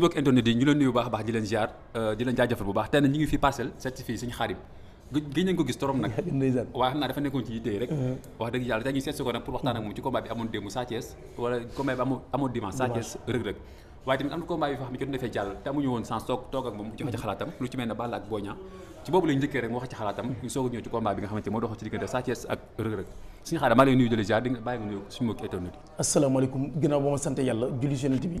mbokk internet yi ñu leen nuyu baax baax di leen ziar euh, di bu baax tey nag ñu ngi fi parcelle certifié suñu xaarim gëj nañ ko gis torom nag waaw xam naa dafa nekkoon ci yitte rek uh-huh. wax dëgg jàll te amuñu woon sens toog toog ak moom mu wax ci a ñëw bàyyi nga nuyu suñu internet yi asalaamaaleykum ginnaaw ba ma sant yàlla julli yonent bi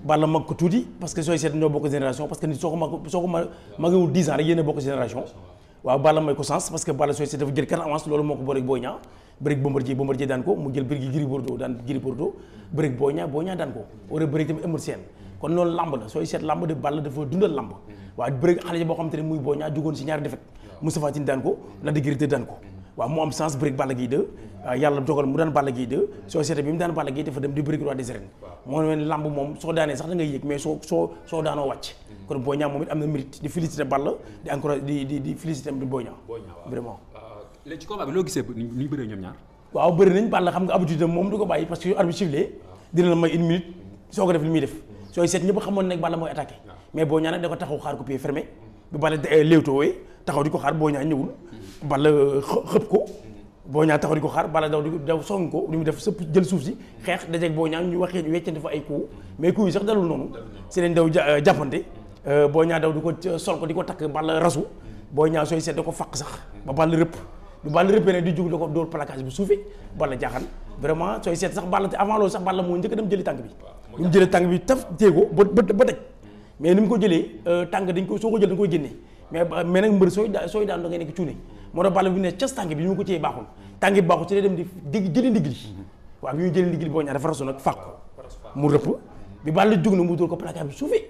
Balla mag ko tuuti parce que sooy seet ñoo bokk génération parce que nit soo ko mag soo ko magewul 10 ans rek yéen a bokk génération waaw Balla may ko sens parce que Balla sooy seet dafa jël kan avance loolu moo ko bëreeg Boy Niang bëreeg Bombardier Bombardier daan ko mu jël bëreeg Gris Bordeaux daan Gris Bordeaux bëreeg Boy Niang Boy Niang daan ko wala bëreeg tamit Eumeu Sène kon loolu lamb la sooy seet lamb de Balla dafa dundal lamb waaw bëreeg xale waaw mu am sens bëri Balla Gaye 2 yàlla dogal mu daan Balla Gaye 2 société bi mu daan Balla Gaye dafa dem di bëri roi des arènes lamb moom soo daanee sax da yëg mais soo soo soo daanoo wàcc mm-hmm. kon Boy moom it am na mérite di féliciter Balla di encourage di féliciter bi Boy Niang ñu euh, bëree ñoom ñaar waaw bëri nañ Balla xam nga habitude moom du ko bàyyi parce que arbitre dina la may une minute soo ko def li muy def mm-hmm. sooy seet ñëpp xamoon ne Balla bala euh, xëpp ko boo ñaa taxaw di ko xar bala daw di daw song ko li mu def sëpp jël suuf si xeex dajeeg boo ñaa ñu waxee weccante fa ay coups mais coups yi sax dalul noonu si leen daw euh, jàppante euh, boo ñaa daw di ko sol ko di ko takk bala rasu boo ñaa sooy seet da ko faq sax ba bala rëpp du bala rëppee ne di jug da ko dóor placage bu suufee bala jaaxan vraiment sooy seet sax bala te avant loolu sax bala moo njëkk dem jëli tànk bi lu mu jëlee tànk bi taf jéego ba ba mu ko jëlee tànk dañ ko soo jël dañ koy génne mais mais nag mbër daa sooy daan moo tax bàll bu ne cas tànk bi ñu ma ko téye baaxul tànk bi baaxul ci lay dem di dig jëli ndigli waaw bi ñu jëli ndigli boo ñaa dafa rasu nag fàq mu rëpp bi bàll jug na mu dóor ko plaqué bi suufi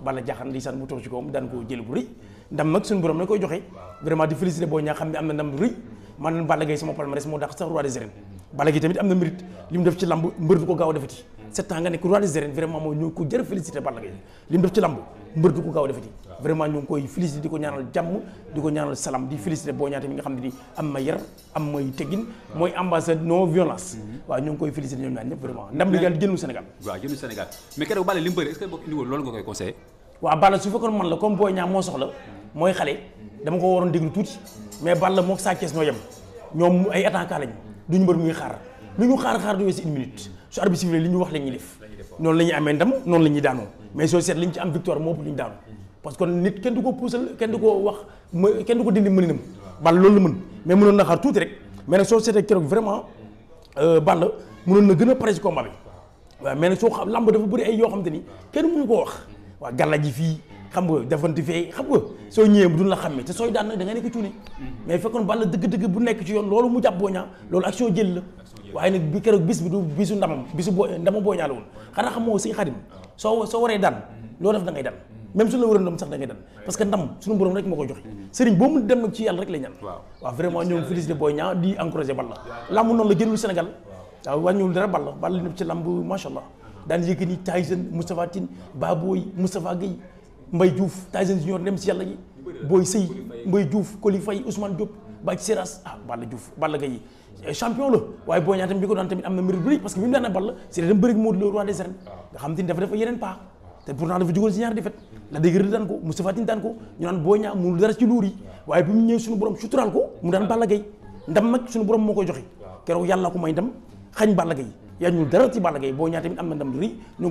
bàll jaaxan li san mu toog ci kawam daan ko jël bu rëy ndam nag suñu borom na koy joxe vraiment di félicité boo ñaa xam ne am na ndam rëy man nan Balla Gaye sama palmarès moo dàq sax roi des arènes Balla Gaye tamit am na mérite li def ci lamb mbër a defati sept ans nga nekk roi des arènes vraiment mbër du ko gaaw defati vraiment ñu koy félicité di ko ñaanal jàmm di ko ñaanal salam di félicité boo ñaata mi nga xam ne ni am na yar am may teggin mooy ambassade non violence mm-hmm. waaw ñu ngi koy félicité ñoom ñaar ñëpp vraiment ndam li daal génnu Sénégal waaw génnu Sénégal mooy xale dama ko waroon déglu tuuti mais Balla mook Sa Thiès ñoo yem ñoom ay attaquant lañ duñu mbër muy xaar lu xaar xaar du weesu une li ñu wax la ñuy def noonu la ñuy amee ndam noonu la ñuy daanoo mais soo seet li ñu ci am victoire moo ëpp li ñu daanu parce que nit kenn du ko puusal kenn du ko wax ma kenn du ko dindi mëninam Balla loolu la mën mais mënoon na xaar tuuti rek mais nag soo seetee keroog vraiment euh, Balla mënoon na gën a pare ci combat bi waaw soo xam lamb dafa bëri ay yoo xam ni kenn mënu koo wax waa gàlla ji fii xam nga defante fee xam nga soo ñëwee duñ la xàmmee te sooy daan nag da nga nekk cuune mais fekkoon Balla bu nekk ci yoon loolu mu jàpp Boy Niang loolu action waaye nag bi keroog bis bi du bisu ndamam bisu bo ndama Boy Niang la woon xanaa xamoo sëñ Xadim soo soo waree daan mm-hmm. loo def da ngay daan mm-hmm. même suñu la waroon ndam sax da ngay daan parce que ndam suñu borom rek moo koy joxe mm-hmm. sëriñ boo mun dem nag ci yàlla rek lay ñaan waaw vraiment ñoom félicité Boy Niang di encouragé Balla lamb noonu la génnul Sénégal waaw wàññiwul dara Balla Balla ci lamb macha allah daan Yékini Tyson Moustapha Tine Baboy Moustapha Gueye Mbaye juuf Tyson Junior dem si yàlla ji Boy Sey Mbaye Diouf Koli Faye Ousmane Diop Bathie Seras ah Balla Diouf Balla Gaye champion la waaye Boy Niang tamit bi ko daan tamit am na mérite bu parce que bi mu Balla si dem bëri Modou Lo roi des arènes ah. nga xam te ni dafa yeneen paax te pourtant dafa jugoon si ñaari défaite la dégg daan ko Moustapha Tine daan ko ñu naan Boy Niang mu dara ci luur ah. waaye bi mu ñëwee suñu suturaal ko mu daan Balla Gaye ndam nag suñu borom moo koy joxe ah. keroog yàlla ko may ndam xañ Balla Gaye yaa ñul dara ci Balla Gaye Boy Niang tamit am na ndam rëy ñu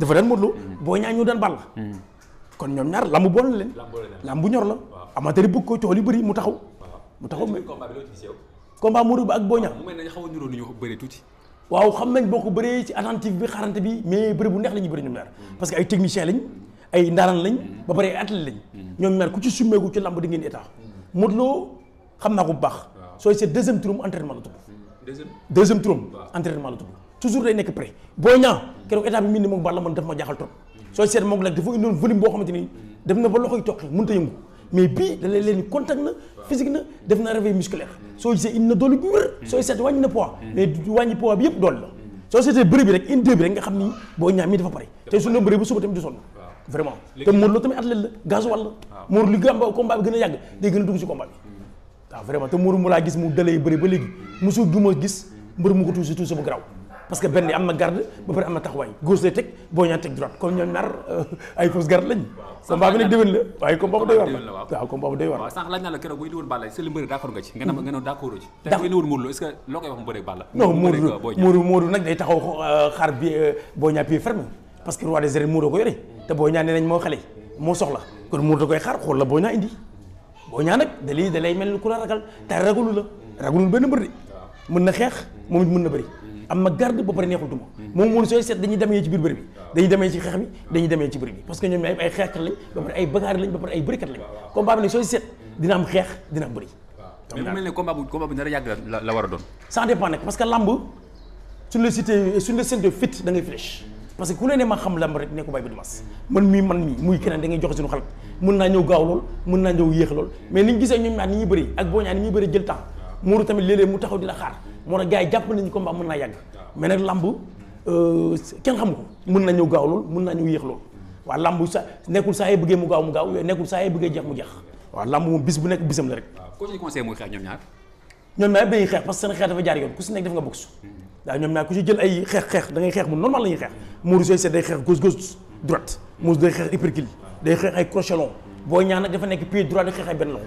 dafa daan Modou Lo ñoo ñaa ñu daan Balla kon ñoom ñaar lamb boole leen lamb ñor la amateur yi bëgg ko coow li bëri mu taxaw mu taxaw mais combat Modou ba ak Boy Niang waaw xam nañ boo ko bëree ci attentif bi xarante bi mais bëri bu neex la ñuy bëri ñoom ñaar mm. parce que ay technicien lañ ay ndaaraan lañ mm. ba pare ay athlète lañ mm. ñoom ñaar ku ci summeeku ci lamb di ngeen état Modou Lo xam naa ko bu baax sooy seet deuxième turam entraînement la tudd deuxième turam entraînement la tudd toujours day nekk prêt Boy Niang keroog état bi mu indi moom Balla man daf ma jaaxal trop soo seet moom nag dafa indoon volume boo xamante ni def na a yëngu mais bii da lay leen ni contact na physique na def na réveil na doole bu wér sooy seet wàññi yëpp doole la soo bi rek une deux bi rek nga xam ni Boy Niang mii dafa pare tey su doon bëri ba suba tamit du gën a yàgg day gën a dugg si combat bi mm. waaw vraiment te Modou laa gis mu dalay bëri ba léegi mosu du ma gis mbër mu ko tuusi tuusi bu garaaw parce que benn am na garde ba pare am na taxawaay gauche lay teg boo ñaan teg ñaar euh, ay fausse garde lañ combat bi nag déwén la waaye combat bu doy war la waaw combat bu doy nag day taxaw euh, xaar euh, boo ñaa pied ferme parce que roi des arènes Modou ko yore te boo ñaa nee moo xale moo soxla kon Modou da koy xaar xool la boo ñaa indi boo ñaa nag da lay mel ni ku la ragal te ragalu la ragalul benn mbër de mën na xeex moom it mën na bëri am ma garde ba pare neexul duma moom moom sooy seet dañuy demee ci biir bëri bi dañuy demee ci xeex bi dañuy demee ci bëri bi parce que ñoom ay ay xeexkat lañ ba pare ay bëgaar lañ ba pare ay bërikat lañ combat bi nag sooy seet dina am xeex dina am bëri a yàgg parce que lamb suñ la cité suñ la séntu fit da ngay parce que ku leen ne ma xam lamb rek ne bàyyi bi du mas mii man mii muy keneen da joxe suñu xalaat mën naa ñëw gaaw lool mën lool mais ni ñu gisee ñoom ñaar ni Modou tamit léeg mu taxaw di la xaar moo tax gars yi jàpp ko combat mën naa yàgg mais nag lamb euh, kenn xamu ko mën na ñëw gaaw lool mun naa ñëw yéex lool waa lamb sa nekkul saa yee bëggee mu gaaw mu gaaw nekkul saa yee bëggee jeex mu jeex waaw lamb moom bis bu nekk bisam la rek ko ci conseil muy xeex ñoom ñaar ñoom ñaar dañuy xeex parce que seen xeex dafa jaar yoon ku si nekk def nga boxe hmm. waaw ñoom ñaar ku ci jël ay xeex xeex da ngay xeex mu normal la ñuy xeex Modou Seye Sène day xeex gauche gauche droite Modou day xeex hypercule day xeex ay crochet long Boy Niang nag dafa nekk pied droit di xeex ay benn loxo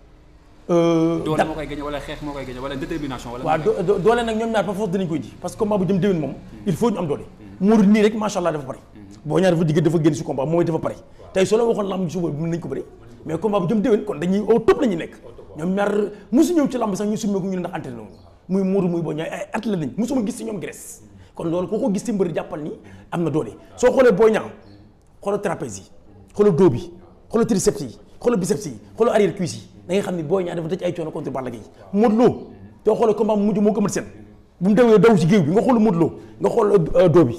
Euh, doole moo koy gagné wala xeex moo nag ñoom ñaar par force dinañ koy ji parce que combat bu jëm déwén moom. Hmm. il faut ñu am doole. Hmm. Modou nii rek boo ñaar dafa nekk. ñoom ñaar mosu ñëw ci lamb sax ñu summeeku ñu ne ndax entraîné muy Modou muy Boy Niang at la nañ mosuma gis si ñoom Grèce hmm. kon loolu koo ko gis si mbër jàppal ni am na doole soo xoolee Boy Niang xoolal trapèze yi xoolal dos bi xoolal triceps yi xoolal biceps yi xoolal arrière cuisse yi da nga xam ni Boy ñaar dafa daj ay coono contre Balla Gaye Modou xool soo xoolee combat mujj moo gëmat seen bu mu dawee daw ci géew bi nga xool Modou Lo nga xool euh, doo bi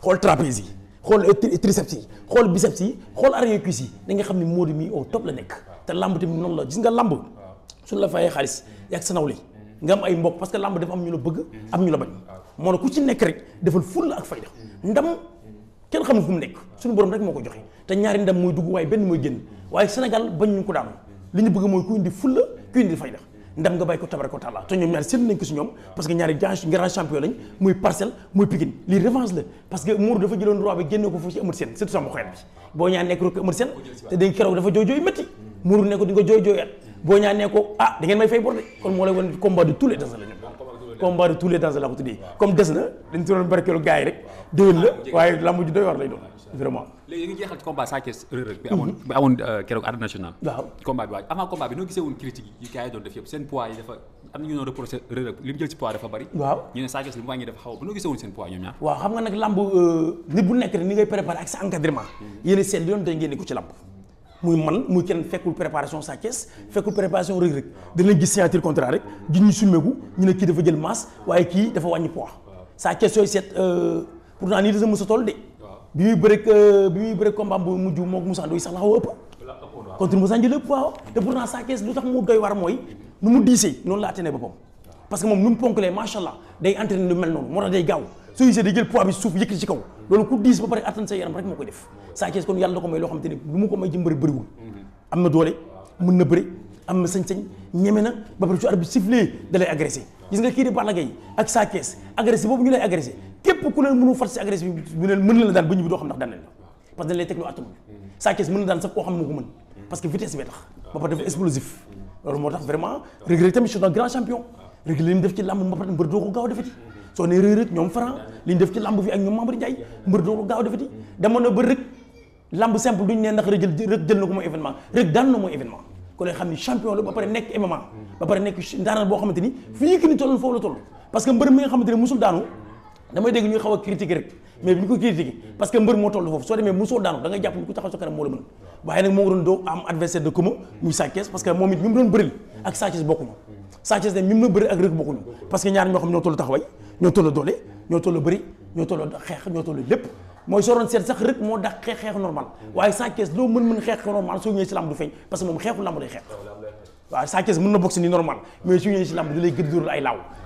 xool trapèze yi xool euh, triceps yi xool biceps yi xool arrière cuisse yi da nga xam ni Modou mi au top la nekk te lamb tamit noonu la gis nga lamb suñu la fayee xaalis yàgg sa nawle nga am ay mbokk parce que lamb dafa am ñu la bëgg am ñu la bañ moo ne ku ci nekk rek defal ful la ak fayda ndam kenn xam fu mu nekk suñu borom rek moo ko joxe te ñaari ndam mooy dugg benn mooy génn waaye Sénégal bañ ñu ko daanu li ñu bëgg mooy ku indi fulla ku indi fayda ndam nga bàyyi ko tabaraka taala te ñoom ñaari seetlu nañ si ñoom parce muy parcelle muy Pikine la parce que Mour dafa jëloon roi génne ko foofu ci Eumeu Sène surtout sama xoyat bi boo ñaa nekk ko di jooy jooyaat boo ñaa ne ko ah da may fay bor de moo lay wan combat de tous les la ñoom combat de tous les la ko tuddee comme des na dañ si barkeelu gars rek déwén léegi ñu jeexal ci combat Sa Thiès bi mhm. amoon bi amoon euh, keroog arène waaw combat bi waaj avant combat bi noo gisee woon critique yi gars doon def yëpp seen poids yi dafa na ñu doon reproché Reug Reug li mu jël ne Sa Thiès xaw ba noo gisee woon seen poids ñoom ñaar euh, mhm. préparation Sa Thiès fekkul préparation Reug Reug danañ gis signature contrat rek gis ñu waaye kii dafa wàññi poids Sa Thiès yooyu seet euh, pourtant nii da sa mës a toll de bi muy bëre euh, bi muy bëre combat bu mujj moog Moussa Ndoye sax la xaw a ëpp. contre Moussa Ndoye ëpp waaw. te Sa Thiès lu tax mu doy war mooy nu mu diisee noonu la atténé boppam. parce que moom nu mu ponkalee macha day entraîné mel noonu moo tax day gaaw soo gisee day jël poids bi suuf yëkkati ci kaw. loolu ku diis ba pare attan sa yaram rek moo koy def. Sa Thiès kon yàlla ko may loo xam te lu mu ko may ci mbëri am na doole mën na bëre am na sañ ba pare su arbitre boobu ñu lay agressé képp ku leen mënu far na la daan bi doo xam ndax daan leen Sa Thiès mën na daan parce que vitesse bee ba pare dafa explosif loolu moo tax vraiment ba pare mbër doo gaaw a defati soo nee Reug Reug ñoom li ñu def ci fi ak ñoom Mamadou Ndiaye mbër doo ko gaaw a defati ko mooy événement ni champion la ba pare nekk MMA ba pare nekk ndaanaan boo xamante ni fii ki ni tolloon foofu parce que mbër mi nga xamante ni daanu damay dégg ñuy xaw a critiquer rek mais bi ñu ko critiquer parce que mbër moo toll foofu soo demee mosoo daanu da ngay jàpp ni ku taxaw sa kanam moo la mën waaye nag moo ak Sa bokkuñu Sa ne mu doon bëril ak Reug loo mën-mën xeex normal soo ñëwee si lamb du feeñ parce que moom xeexu lamb lay xeex waaw Sa mën na boxe ni normal mais su ñëwee si lamb da lay gëdd dóoral ay laaw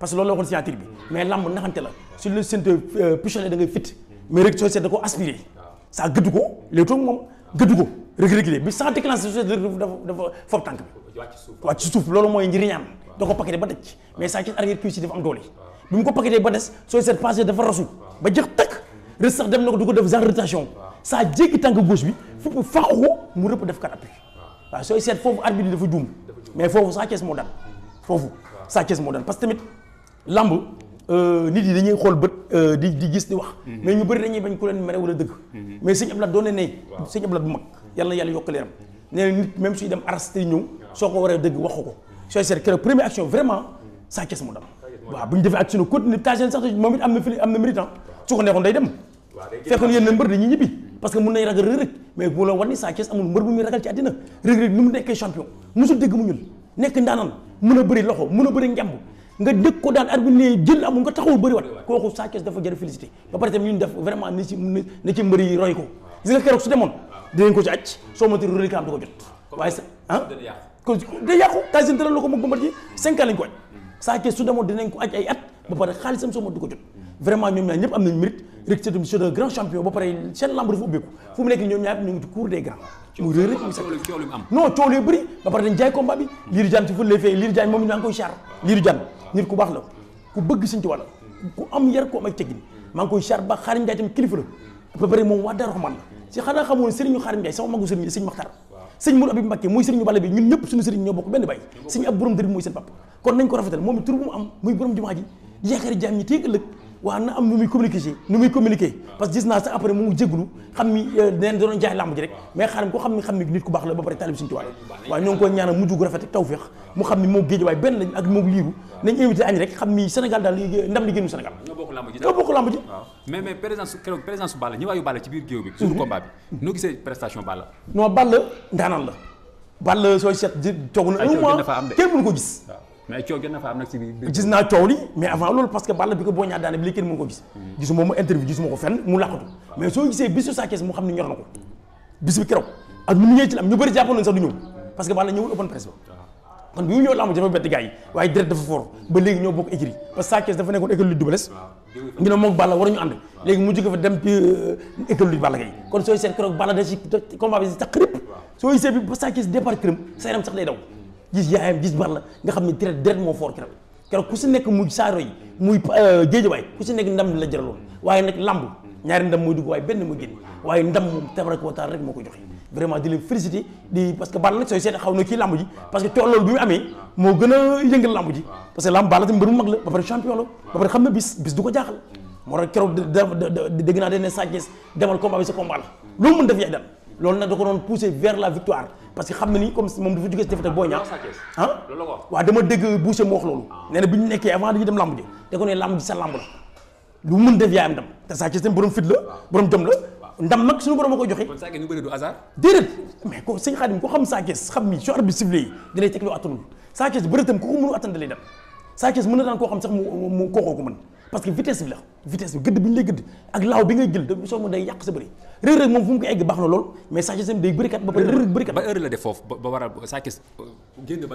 parce que loolu la waxoon signature bi mais lamb naxante la su le séntu euh, puchanné da ngay fit mais rek soo seet da ko aspiré saa gëdd ko léegi toog moom gëdd ko rek réglé bi mooy njëriñam da ko paqueté ba dëcc mais saa ko paqueté seet passé dafa rasu ba jëx takk rek sax dem na ko du ko def genre rotation saa jéggi tànk gauche bi fu faaxu ko mu rëpp def kat appui waaw seet foofu arbitre dafa juum mais foofu saa kees moo daan foofu saa kees moo daan parce que tamit lamb euh, nit yi dañuy xool bët euh, di di gis di wax. Mhm. mais ñu bari dañuy bañ ku leen mere wala dëgg. Mhm. mais sëñ Abdoulaye na ne. waaw sëñ Abdoulaye bu mag yàlla mhm. même suy dem aras tey soo ko waree dëgg waxu ko. sooy seet vraiment saa kees mu bu ñu defee action continue tagène am na fili am na méritant su ko neexoon day dem fekkoon yéen na mbër dañuy ñibbi parce mun nañ ragal Reug Reug mais bu la wan ni saa kees amul mbër bu muy ragal ci àddina Reug Reug a bari loxo mun a bëri njamb nga dëkk ko daan arbitre jël amul nga taxaw bëri wat kooku Sa Thiès dafa jar félicité ba pare tamit ñun def vraiment ni ci ni roy ko gis nga keroog su demoon dinañ ko ci acc soo mati relikaam di ko jot waaye sa ah ko da yàqu tasin moom Bombardier ko aj Sa Thiès jot vraiment ñoom ñaar ñëpp am nañ mérite rek c'est grand champion ba pare seen lamb dafa ubbeeku fu mu nekk ñoom ñu ngi ci cour des grands mu réer mu sax non coow lu bëri jaan ci fële ñu ngi koy char liiru jaan nit ku baax la ku bëgg sëñ Tuubaa ku am yar ku am ay teggin maa ngi koy char ba xaarim Njaay tam kilifa la ba pare moom waa Daaru Rahmaan la si xanaa xamoon sëriñu xaarim Njaay sama magu sëriñ sëñ Maxtar sëñ Mourou Abib Mbacké mooy sëriñu bale bi ñun ñëpp suñu sëriñ ñoo bokk benn bàyyi sëñ ab borom dër mooy seen papa kon nañ ko rafetal moom tur bu mu am muy borom jumaa ji yaakaari jaam ñi téeg ëllëg waaw na am nu muy communiquer nu muy communiquer parce que gis naa sax après mu jéglu xam ni euh, neen doon jaay làmb ji rek mais xaaral ko xam ni xam géej waaye benn lañ ak moom liiru nañ invité añ rek xam ni Sénégal daal ndam li génnu Sénégal mhm. noo gisee ndaanaan la Balla sooy seet ji na un mois kenn mënu ko gis mais coow jot na fa am nag si biir. gis naa coow li mais avant loolu parce que bi ko boo ñaar daane bi lii kenn mu ngi ko gis. Mm-hmm. gisuma ma interview gisuma ko fenn mu làqatu mais soo am ñu bëri jàppoon nañ sax du ñëw parce que Balla ñëwul open press ba. kon bi mu ñëw lamb dafa bett gars yi euh, seet keroog Balla da ci combat bi si tax xërib sooy seet bi ba Sa Thiès départ sa yaram sax day daw gis yaayam gis Balla nga xam ne deret deret moo foor keroog keroog ku si nekk muy saaro yi muy euh, géejawaay ku si nekk ndam la jëraloon waaye nag lamb ñaari ndam mooy dugg waaye benn mu génn waaye ndam moom tabaraka wa taala rek moo joxe vraiment di leen féliciter di parce Balla nag sooy seet xaw na kii lamb ji parce que toolool bi mu amee moo gën a yëngal lamb ji parce que lamb Balla tamit mbër mu mag la ba pare champion la ba pare xam na bis bis jaaxal Sa Thiès demal combat bi sa loolu nag da ko doon pousser vers la victoire parce que xam na ni comme moom dafa jógee si défaite ak Boy Niang ah waaw dama dégg Boucher mu wax loolu ah. nee na bi ñu nekkee avant dañuy dem lamb ji da ko ne lamb ji sa lamb la lu mën def yaay am ndam te Sa Thiès tam borom fit la ah. borom jom la ndam nag a koy joxe kon Sa ko ko xam attan da lay dem Sa na daan koo xam sax mu kookoo ko mën parce que vitesse bi la vitesse bi gëdd bi ñu lay gëdd ak laaw bi ngay jël da soo mën day yàq sa bëri Reug Reug moom fu mu ko egg baax na lool mais Sa Thiès am day bërikat ba pare Reug Reug bërikat ba heure la def foofu ba waral Sa Thiès génn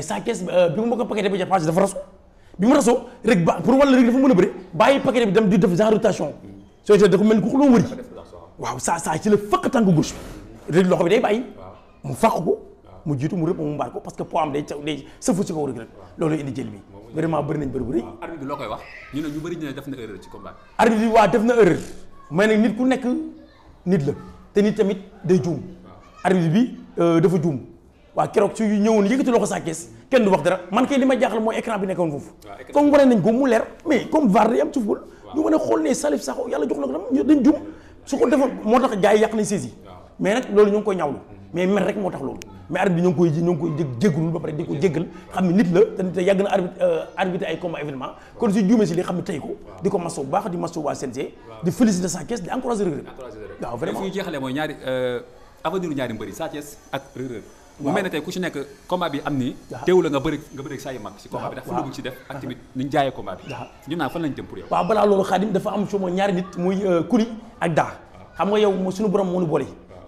Sa Thiès euh, bi mu ma ko paqueté ba jeex parce que dafa bi mu rasoo Reug ba pour wala Reug dafa mën a bëri bàyyi paqueté bi dem di def rotation soo tee da mel ni ku xuloo saa saa ci la fëkk tànk gauche bi Reug bi day bàyyi mu fàq ko mu jiitu mu rëpp mu mbaat ko parce que poids am day day sëfu ci kaw Reug loolu indi jël bi vraiment bëri na erreur ci nag nit ku nekk nit la te nit tamit day juum arbitre bi euh, dafa juum waaw keroog su ñëwoon yëkkati loxo sa kees kenn du wax dara man kay li ma jaaxal mooy écran bi nekkoon foofu comme wane nañ ko mu leer mais comme VAR day am ci football ñu mën a xool ne Salif Sakho yàlla jox na ko dam dañ juum su ko defoon moo tax gars yi yàq nañ saisi mais nag loolu ñu koy ñawlu mais mer rek moo tax loolu mais arbitre bi koy ñu ba pare di ko jégal xam ne nit la te nit yàgg na euh, arbitre ay combat événement kon si juumee si ne tey bi am nii teewul nga bëri nga bëri saa yu mag si combat bi ndax am suma ñaari nit muy euh, kuli ak daa xam nga yow suñu borom moo ñu boole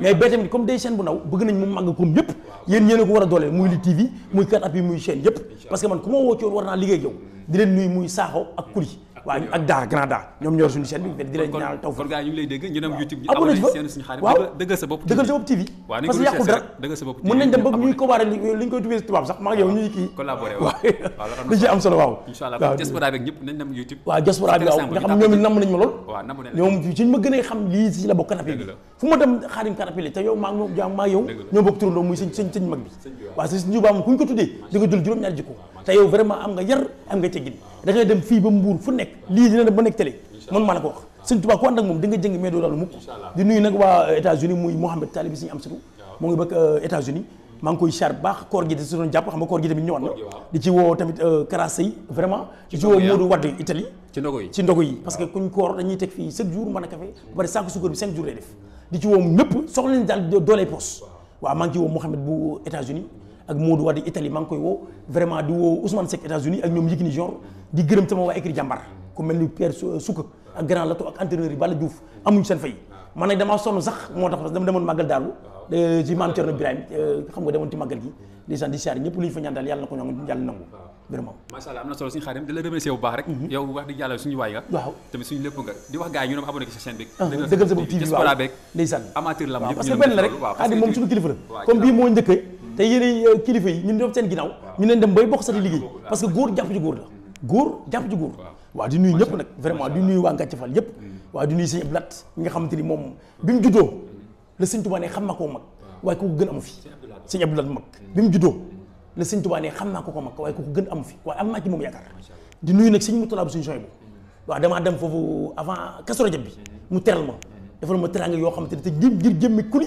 mais bee tamit comme day chaîne bu ndaw bëgg nañ mu màgg comme yëpp yéen yéen a ko war a dooleel muy li TV muy 4appuis muy chaîne yëpp parce man ku ma woo ci war naa liggéey yow di leen nuyu muy saaxo ak kuli waaw ñoom ñor suñu nañ ma lool ñoom ma gën a xam lii ci la bokk canapé bi fu ma dem xaarim canapé la te yow maa ngi moom jaam maa yow ñoo muy sëñ sëñ mag bi waaw sëñ Njuuba moom ku ñu ko tuddee juróom ñaari jikko te yow vraiment am nga yar am nga teggin da ngay dem fii ba mbuur fu nekk lii dina dem ba nekk télé man maa la ko wax sëñ Tuubaa ku ànd ak moom di nga jëng mais doo daal mukk di nuyu nag waa États-Unis muy Mohamed Talibi suñu am mu ngi euh, koy char baax koor gi da si doon jàpp xam nga koor gi tamit ñëwaat na di ci woo tamit euh, Karaas yi vraiment woo Modou ah. Wade Italie ci ndogu yi ci ndogu yi parce que kuñ koor dañuy teg fii chaque jour mën a café ba pare saaku sukkar bi cinq jours lay def di ci woo ñëpp soxla nañ daal doolee poos waaw maa ngi ci woo Mohamed bu États-Unis ak Modou Wade Italie maa koy woo vraiment di woo Ousmane Seck États-Unis ak ñoom Yékini Junior di gërëm sama waa écrit jàmbar ku mel euh, na rek mhm. yow di sa chaîne moom suñu kilifa la comme bii moo njëkkee te yéen euh, kilifa yi ñun ñoom seen ginnaaw ñu leen dem bay bokk sa di liggéey parce que góor jàpp ci góor la góor jàpp ci góor waaw di nuyu ñëpp nag vraiment di nuyu waa Ngàcc Fall yëpp mm. waaw di nuyu sëñ nga xamante ni moom bi mu juddoo la sëñ Tuubaa ne xam naa koo mag waaye ko gën amu fi sëñ Abdou Lat mag bi mu juddoo mm. la sëñ Tuubaa ne xam naa ko ko mag waaye ku ko gën amu fi waaye am naa ci moom yaakaar di nuyu nag sëñ Muttalaa bu suñu soy bu mm. waaw damaa dem foofu avant Kazu Rajab bi mm-hmm. mu teral ma mm-hmm. defal ma teranga yoo xamante ni te ngir jëmmi kuli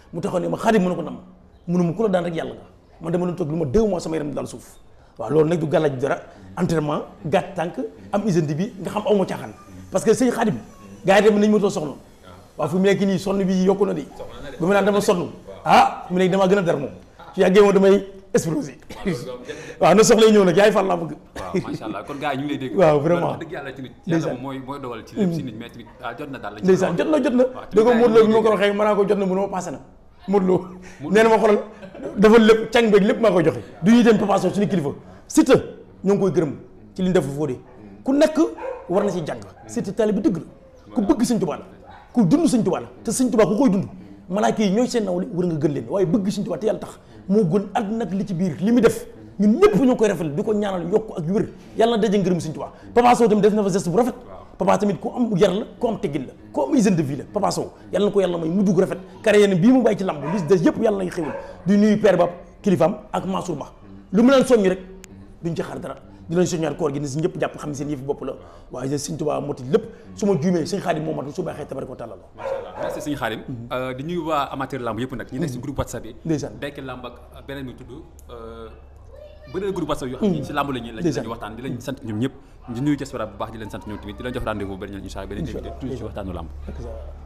mu taxaw ne ma xaadim mënu ko nam mënu ma ku la daan rek yàlla nga man dama doon toog lu ma deux mois sama yaram di daal suuf waaw loolu nag du gàllaaj dara entraînement gàtt tànk am hygiène bi nga xam aw ma caaxaan parce que sëñ xaadim gars yi tamit nañu ma too soxla waaw fu mu nekk nii sonn bi na di ba mu naan dama sonn ah mu a dar moom su yàggee yi ñëw nag yaay fàll laa bëgg waaw macha allah jot na jot na jot na da ko móodloo bi ma ko jot na mu ne ma na Modou Lo nee na ma xoolal dafa lépp càng beeg lépp maa koy joxe du ñuy dem Papa Sow suñu kilifa Siteu ñoo ngi koy gërëm ci li ñu def Fodé ku nekk war na ci jàng Siteu taalibe bi dëgg la ku bëgg Sëñ Tuubaa la ku dund Sëñ Tuubaa la te Sëñ Tuubaa ku koy dund malaaka yi ñooy seen nawle war nga gën leen waaye bëgg Sëñ Tuubaa te yàlla tax moo gën àddina ak li ci biir li mu def ñun ñëpp ñoo koy rafetlu di ko ñaanal yokk ak wér yàlla na daje ngërëm Sëñ Tuubaa Papa Sow tamit def na fa bu rafet papa tamit ku am yar la ku am teggin la ku am hygiène de vie la papa Sow yàlla na ko yàlla may mu dugg rafet carrière yéen bii mu bàyyi ci lamb li des ñëpp jàpp xam ne seen yëfi bopp moo matul su baaxee tabaraka wa taala la mhm. euh, yëpp nag ñu nekk si groupe WhatsApp yi ndeysaan waxtaan di lañ sant ñoom ñëpp di nuyu diaspora bu baax di sant ñoom tamit jox rendez-vous bu beneen yoon incha allah waxtaanu lamb